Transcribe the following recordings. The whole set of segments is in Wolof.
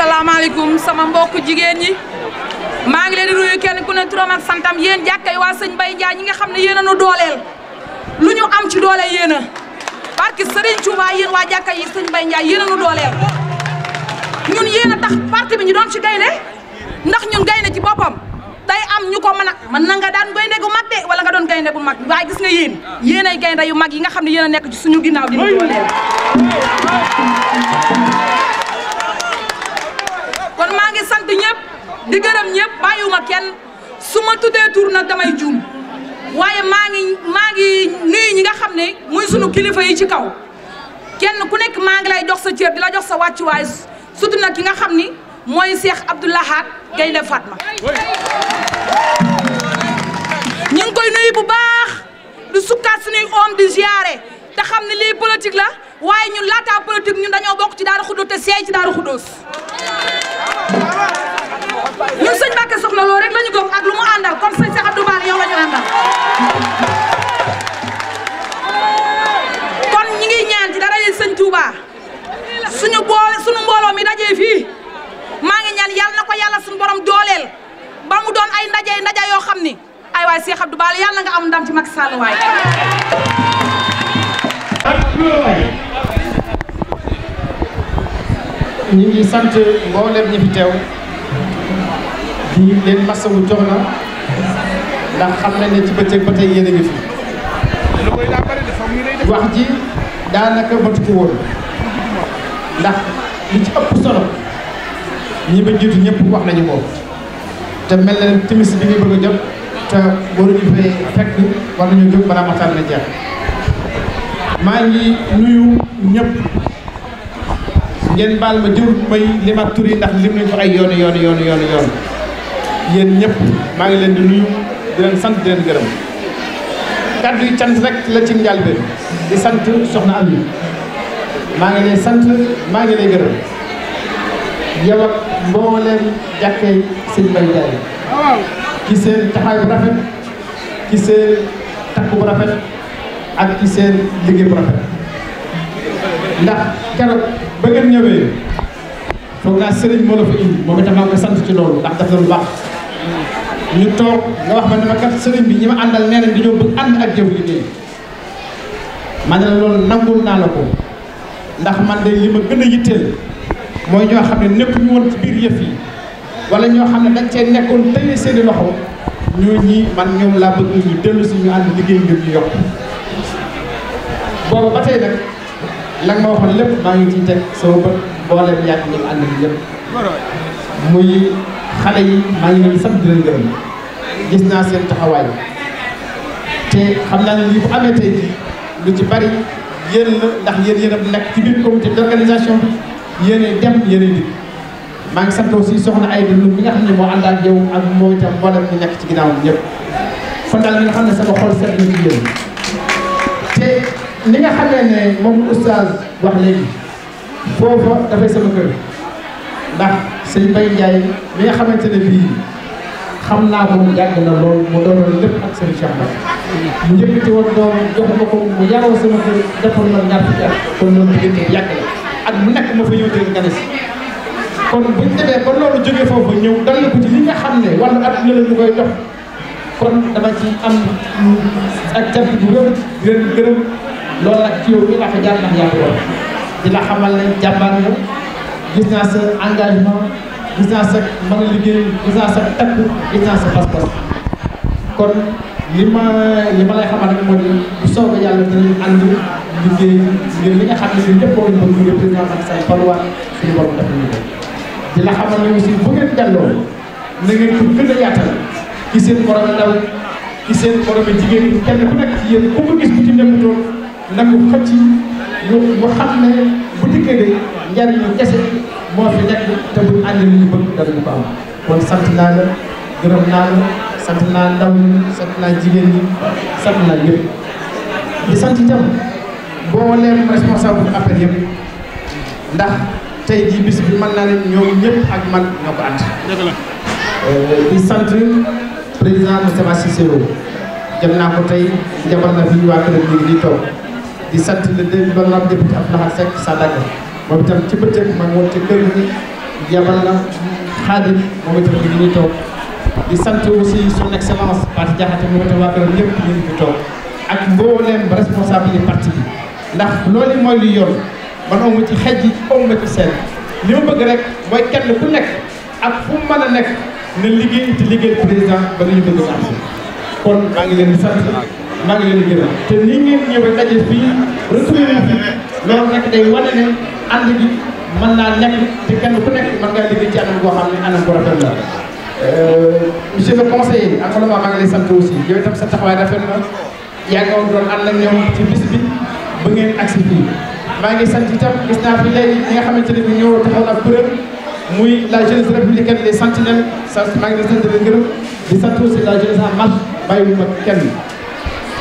asalaamaaleykum sama mbokk jigéen ñi maa ngi leen di kenn ku ne turam santam yéen jàkkay waa sëñ Mbaye Ndiaye ñi nga xam ne yéen a nu dooleel lu ñu am ci doole yéen a barki Serigne Touba yéen waa jàkka yi sëñ Mbaye Ndiaye yéen nu dooleel ñun yéen tax parti bi ñu doon ci gaynde ndax ñun gaynde ci boppam day am ñu ko mën a mën na nga daan gaynde gu mag de wala nga doon gaynde gu mag waaye gis nga yéen yéen gaynde yu mag yi nga xam ne yéen a nekk ci suñu ginnaaw maa ngi sant ñëpp di gërëm ñëpp bàyyiwuma kenn su ma tuddee tur nag damay juum waaye maa ngi maa ngi nga xam ne muy sunu kilifa ci kaw kenn ku nekk maa ngi lay jox sa cër di la jox sa wàccuwaay surtout nag ki nga xam ni mooy Cheikh Abdou Lahad Gaynde Fatma ñu ngi koy nuyu bu baax du sukkaat suñuy oom di ziare te xam ne lii politique la waaye ñun laataa politique ñun dañoo bokk ci Daaru Xuddoos te seey ci Daaru Xuddoos ñun sëñ Mbacke soxla loo rek la ñu gëm ak lu mu àndal kon sëñ Cheikh Abdou Bara yow la ñu àndal kon ñi ngi ñaan ci dara yi sëñ Touba suñu boole suñu mbooloo mi dajee fii maa ngi ñaan yàlla na ko suñu borom dooleel ba mu doon ay ndaje ndaje yoo xam ay waay Cheikh Abdou Bara yàlla nga am ndam ci Macky Sall waay ñu ngi sant mboolem ñi fi teew di leen masawu jox na ndax xam nañ ne ci bëccëg ba tey yéen fi wax ji daanaka batu ko woon ndax li ci ëpp solo ñi ba jiitu ñëpp wax nañu ko te mel timis bi ñu bëgg a jot te waruñu fay fekk war nañu jóg balaa waxtaan na jeex maa ngi nuyu ñëpp. ngeen baal ma jërut may limat tur yi ndax lim nañ ko ay yoonu yoon yoon yoon yoon yéen ñëpp maa ngi leen di nuyu di leen sant di leen gërëm kaddu yi cant rek la ci njàlbeen di sant soxna Ami maa ngi lay sant maa ngi lay gërëm yow ak mbooleem jàkkee sëñ Mbay Jaay ci seen taxaw bu rafet ci seen takk bu rafet ak ci seen liggéey bu rafet ndax keroog ba ngeen ñëwee foog naa Serigne moo la fa indi moom itam maa sant ci loolu ndax def na lu baax ñu toog nga wax ma ne ma kat Serigne bi ñi ma àndal nee nañ dañoo bëgg ànd ak jëw liggéey ma ne la loolu nangul naa la ko ndax man de li ma gën a yitteel mooy ñoo xam ne nekkuñu woon ci biir yëf yi wala ñoo xam ne dañ cee nekkoon tëye seeni loxo ñoo ñi man ñoom laa bëgg ñu dellu si ñu ànd liggéey ngir ñu yokk booba ba tey nag. la nga ma waxoon lépp maa ngi ci teg sama bët booleem yàgg ñu ànd bi yëpp muy xale yi maa ngi leen di sant di leen gis naa seen taxawaay te xam naa ne lii bu amee tey lu ci bari yéen la ndax yéen yéen a nekk ci biir comité d'organisation bi yéenay dem yéenay dikk maa ngi sant aussi soxna ay Loum mi mu xam ne moo ànd ak yow ak moo itam mboolem ñu nekk ci ginnaawam ñëpp kon daal mi nga xam ne sama xol seet na ci yéen te li nga xamee ne moom oustaz wax léegi foofa dafay sama kër ndax sëñ Mbaye Ndiaye li nga xamante ne bii xam naa moom yàgg na lool mu doonoon lépp ak sëñ Cheikh ko mu yaroo sama kër defal ma ñaar fukki at yàgg la ak mu nekk ma fa ñëw dégg nga ne kon buñ demee ba loolu jógee foofu ñëw dal ko ci li nga xam ne wala at la ñu koy jox kon dama ci am ak cant bu gërëm di leen lool nag ci yow mi wax jaar nañ yàgg lool di la xamal ne jàmbaar nga gis engagement gis naa a liggéey gis sa takk gis naa sa kon li ma li ma lay xamal rek mooy bu soobee yàlla dinañ ànd li nga xam ne ñun ñëpp war nañ ko président Macky Sall baluwaat suñu borom di la xamal ne aussi bu ngeen jàlloo na ngeen ko gën a yaatal ci seen borom ndaw ci seen borom jigéen ñi kenn ku nekk ci yéen ku ko gis bu ci nekkutoon na ko xëcc ñu xam ne bu dikkee de njariñu kese moo fi nekk te bu ànd li ñu bëgg dara ko am kon sant naa la gërëm naa la sant naa ndaw sant naa jigéen ñi sant naa ñëpp di sant itam mbooleem responsable bu affaire yëpp ndax tey jii bis bi mën naa ne ñëpp ak man ñoo ko ànd. Euh, di sant président Moustapha Cissé Lo jël naa ko tey njabar na fi waa këram ñu ngi di toog. di sant le démb ba naan député Abdoulaye Seck Sadaga moom itam ci bëccëg ma ngi woon ci kër gi yabal na xaadim moom itam ñu ngi toog di sant aussi son excellence Fatou Diakhaté moom itam waa këram ñëpp ñu ngi toog ak mbooleem responsable yi parti bi ndax loolu mooy lu yoon man amu ci xej yi amu ci seen li ma bëgg rek mooy kenn ku nekk ak fu mu a nekk na liggéey ci liggéey président ba nga ñu bëgg a kon maa ngi leen di sant. maa ngi leen di gërëm te eh, ni ngeen qui daje fii retrouvé fi loolu nag day wane ne ànd gi mën naa nekk te kenn ku nekk mën ngaa liggéey ci anam goo xam ne anam bu rafet la. monsieur le conseiller encore qui fois maa ngi lay sant aussi yow itam sa taxawaay rafet na yaa ngi doon ànd ak ñoom ci bis bi ba ngeen agsi fii maa ngi sant itam gis naa fi léegi ñi qui xamante ne bi ñoo taxaw na kuréel muy la jeunesse républicaine les sentinelles sant maa ngi lay sant di gërëm di sant aussi la qui en marche bàyyiwuma kenn.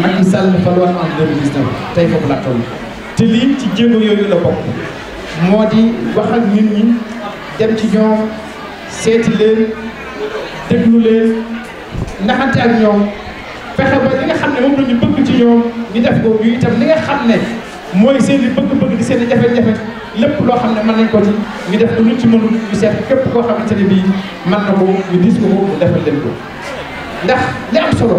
Macky Sall faluwaat en 2019 tey foofu laa toll te lii ci jéego yooyu la bokk moo di wax ak nit ñi dem ci ñoom seeti leen déglu leen naxante ak ñoom fexe ba li nga xam ne moom la ñu bëgg ci ñoom ñu def ko ñu itam li nga xam ne mooy seen i bëgg-bëgg di seen i jafe-jafe lépp loo xam ne mën nañ ko ci ñu def ko lu ci mënul ñu seet képp koo xamante ne bii mën na ko ñu dis ko ko defal leen ko ndax li am solo.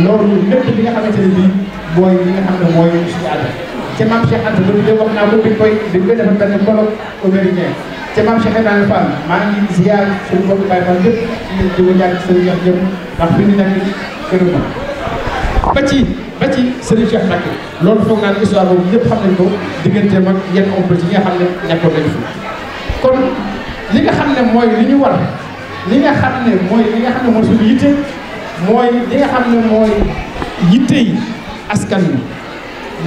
loolu lépp li nga xamante ne bii mooy li nga xam ne mooy suñu aada ca maam Cheikh Anta ba ñu wax naa ko dañ koy dañ koy defal benn colloque américain ca maam Cheikh Ibrahima Fall maa ngi ziar suñu mbokku Baye Fall yëpp ñu ngi ko jaar sëriñ Cheikh ñëpp ndax fi ñu nekk këru ma ba ci ba ci sëriñ Cheikh Mbacke loolu foog naa ne histoire boobu ñëpp xam nañ ko diggante mag yenn ombre ci ñi nga xam ne nekkoon nañu fi kon li nga xam ne mooy li ñu war li nga xam ne mooy li nga xam ne mooy suñu yitte mooy li nga xam ne mooy yitte yi askan wi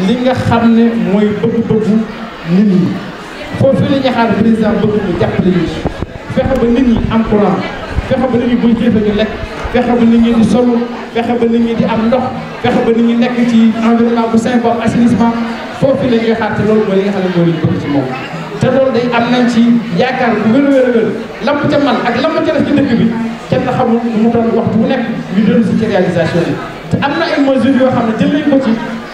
li nga xam ne mooy bëgg-bëggu nit ñi foofu la ñuy xaar président bëgg ñu jàppale ñu fexe ba nit ñi am courant fexe ba nit ñi buñ jëfe ñu lekk fexe ba nit ñi di solu fexe ba nit ñi di am ndox fexe ba nit ñi nekk ci environnement bu sain bu am assainissement foofu la ñuy xaar te loolu mooy li nga xam ne ñu bëgg ci moom te loolu day am nañ ci yaakaar bu wér a wér a ca man ak lamb ca xamul nu mu doon wax bu nekk ñu dellu si ci réalisation yi te am na ay mesures yoo xam ne jël nañ ko ci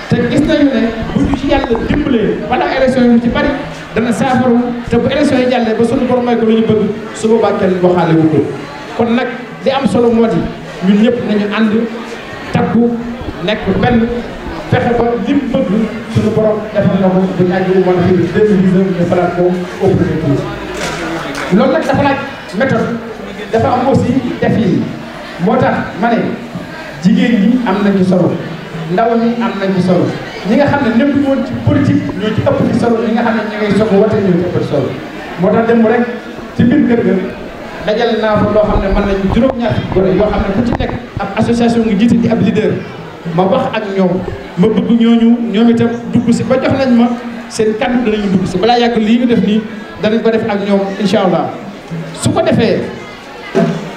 te gis nañu ne bu ñu ci yàlla dimbalee wala élection yi ci bari dana saafaru te bu élection yi jàllee ba sunu borom may ko lu ñu bëgg su boobaa kenn nag dafa laaj méthode dafa am aussi defin moo tax ma ne jigéen ñi am nañu solo ndaw ñi am nañu solo ñi nga xam ne nekk woon ci politique ñoo ci ëpp ci solo ñi nga xam ne ñu ngay soog wate ñoo ci ëpp solo moo tax dem rek ci biir kër ga dajale naa fa loo xam ne mën nañu ñaar gone yoo xam ne ku ci nekk ab association ngi jiite di ab leader ma wax ak ñoom ma bëgg ñooñu ñoom itam dugg si ba jox nañ ma seen kàddu danañu dugg si balaa yàgg lii ñu def nii danañ ko def ak ñoom incha allah su ko defee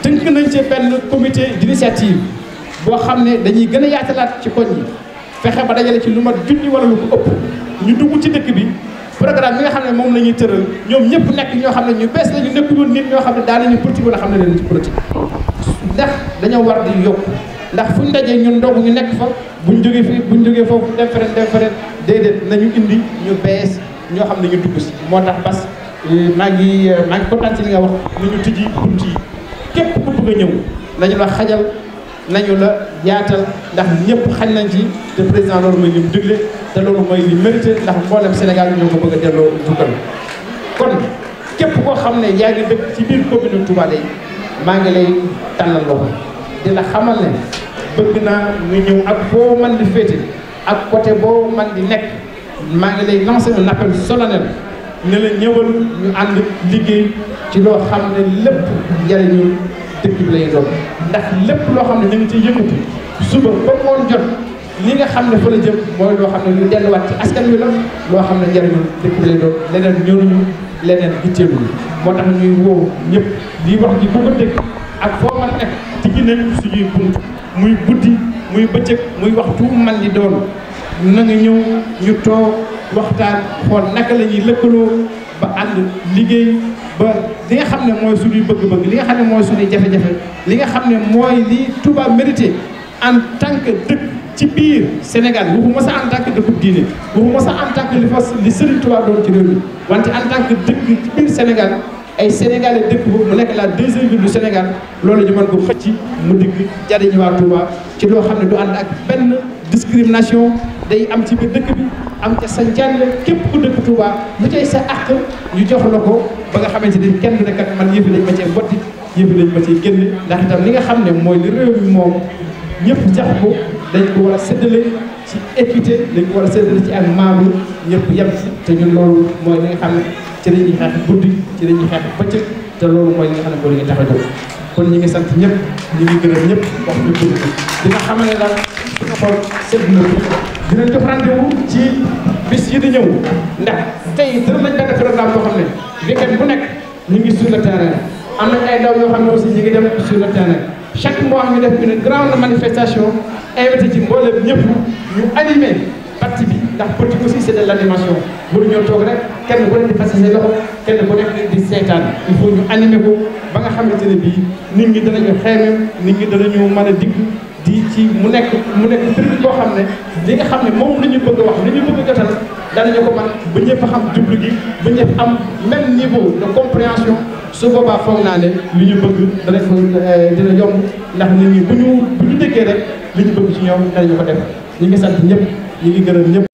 tënk nañ ci benn comité d'initiative boo xam ne dañuy gën a yaatalaat ci koñ yi fexe ba dajale ci lu mat junni wala lu ko ëpp ñu dugg ci dëkk bi programme bi nga xam ne moom la ñuy tëral ñoom ñëpp nekk ñoo xam ne ñu bees la ñu nekk woon nit ñoo xam ne daanañu politique wala xam ndax dañoo war di yokk ndax fu ñu dajee ñun ndog ñu nekk fa buñ jógee fi buñ jógee foofu dem feneen dem feneen déedéet nañu indi ñu bees ñoo xam ne ñu dugg si moo tax bas euh, maa ngi euh, maa ngi kontaan ci li nga wax képp ku bëgg ñëw nañu la xajal nañu la yaatal ndax ñëpp xañ nañ ci te président loolu mooy li mu digle te loolu mooy li mérité ndax mboolem Sénégal ñoo ko bëgg a delloo njukkal kon képp koo xam ne yaa ngi dëkk ci biir commune Touba Dey maa ngi lay tàllal loxo di la xamal ne bëgg naa nga ñëw ak boo man di féete ak côté boo man di nekk maa ngi lay lancer un appel solennel ne la ñëwal ñu ànd liggéey ci loo xam ne lépp njariñu dëkk bi lay doon ndax lépp loo xam ne da nga ciy yëngatu suba ba moon jot li nga xam ne fa la jëm mooy loo xam ne lu delluwaat ci askan wi la loo xam ne njariñu dëkk bi lay doon leneen ñëruñu leneen gitteeluñu moo tax ñuy woow ñëpp lii wax ji bu ko dégg ak foo mën nekk tijji nañ suñuy bunt muy guddi muy bëccëg muy waxtu man li doon na ñëw ñu toog waxtaan xool naka la ñuy lëkkaloo ba ànd liggéey ba li nga xam ne mooy suñuy bëgg-bëgg li nga xam ne mooy suñuy jafe-jafe li nga xam ne mooy li Touba mérité en tant que dëkk ci biir Sénégal waxuma sa en tant que dëkkub diine waxuma sa en tant que li fas li Serigne Touba doon ci réew mi wante en tant que dëkk ci biir Sénégal ay sénégalais dëkk boobu mu nekk la deuxième ville du Sénégal loolu ñu mën ko xëcc mu digg jariñ waa Touba ci loo xam ne du ànd ak benn discrimination day am ci biir dëkk bi am ca sa njàng képp ku dëkk Touba lu cay sa àq ñu jox la ko ba nga xamante ni kenn du ne kat man yëfi dañ ma cee botti li nga xam ne mooy li réew mi ko dañ ko war a séddale ci équité dañ ko war a séddale ci ak maandu ñëpp yem ci te ñun loolu mooy li nga xam ne ci la ñuy xeex guddi ci la ñuy xeex bëccëg te loolu mooy li nga xam ne boo li nga tax kon ñu ngi sant ñëpp ñu ngi gërëm ñëpp wax ñu gërëm di nga xamal ne daal suñu xol sedd na fi dinañ jox rendez-vous ci bis yi di ñëw ndax tey dër nañ benn programme boo xam nekk ñu ngi sur le terrain am nañ ay ndaw yoo xam ne aussi ñu ngi dem sur le terrain chaque mois ñu def une grande manifestation invité ci ñëpp ñu animé parti bi ndax politique aussi c' est de l' animation waru ñoo toog rek kenn ku nekk di fas seetaan il faut ñu animé ko ba nga xamante ne bii nit ñi danañu xeeme nit ñi danañu mën a digg di ci mu nekk mu nekk tribune boo xam ne li nga xam ne moom lu ñuy bëgg a wax li ñu bëgg a jotal danañu ko man ba ñëpp xam jublu gi ba am même niveau de compréhension su boobaa foog naa ne li ñu bëgg dana ko euh, dina yomb ndax nit ñi bu ñu bu ñu rek li ñu bëgg ci ñoom danañu ko def ñu ngi sant ñëpp ñu ngi gërëm ñëpp.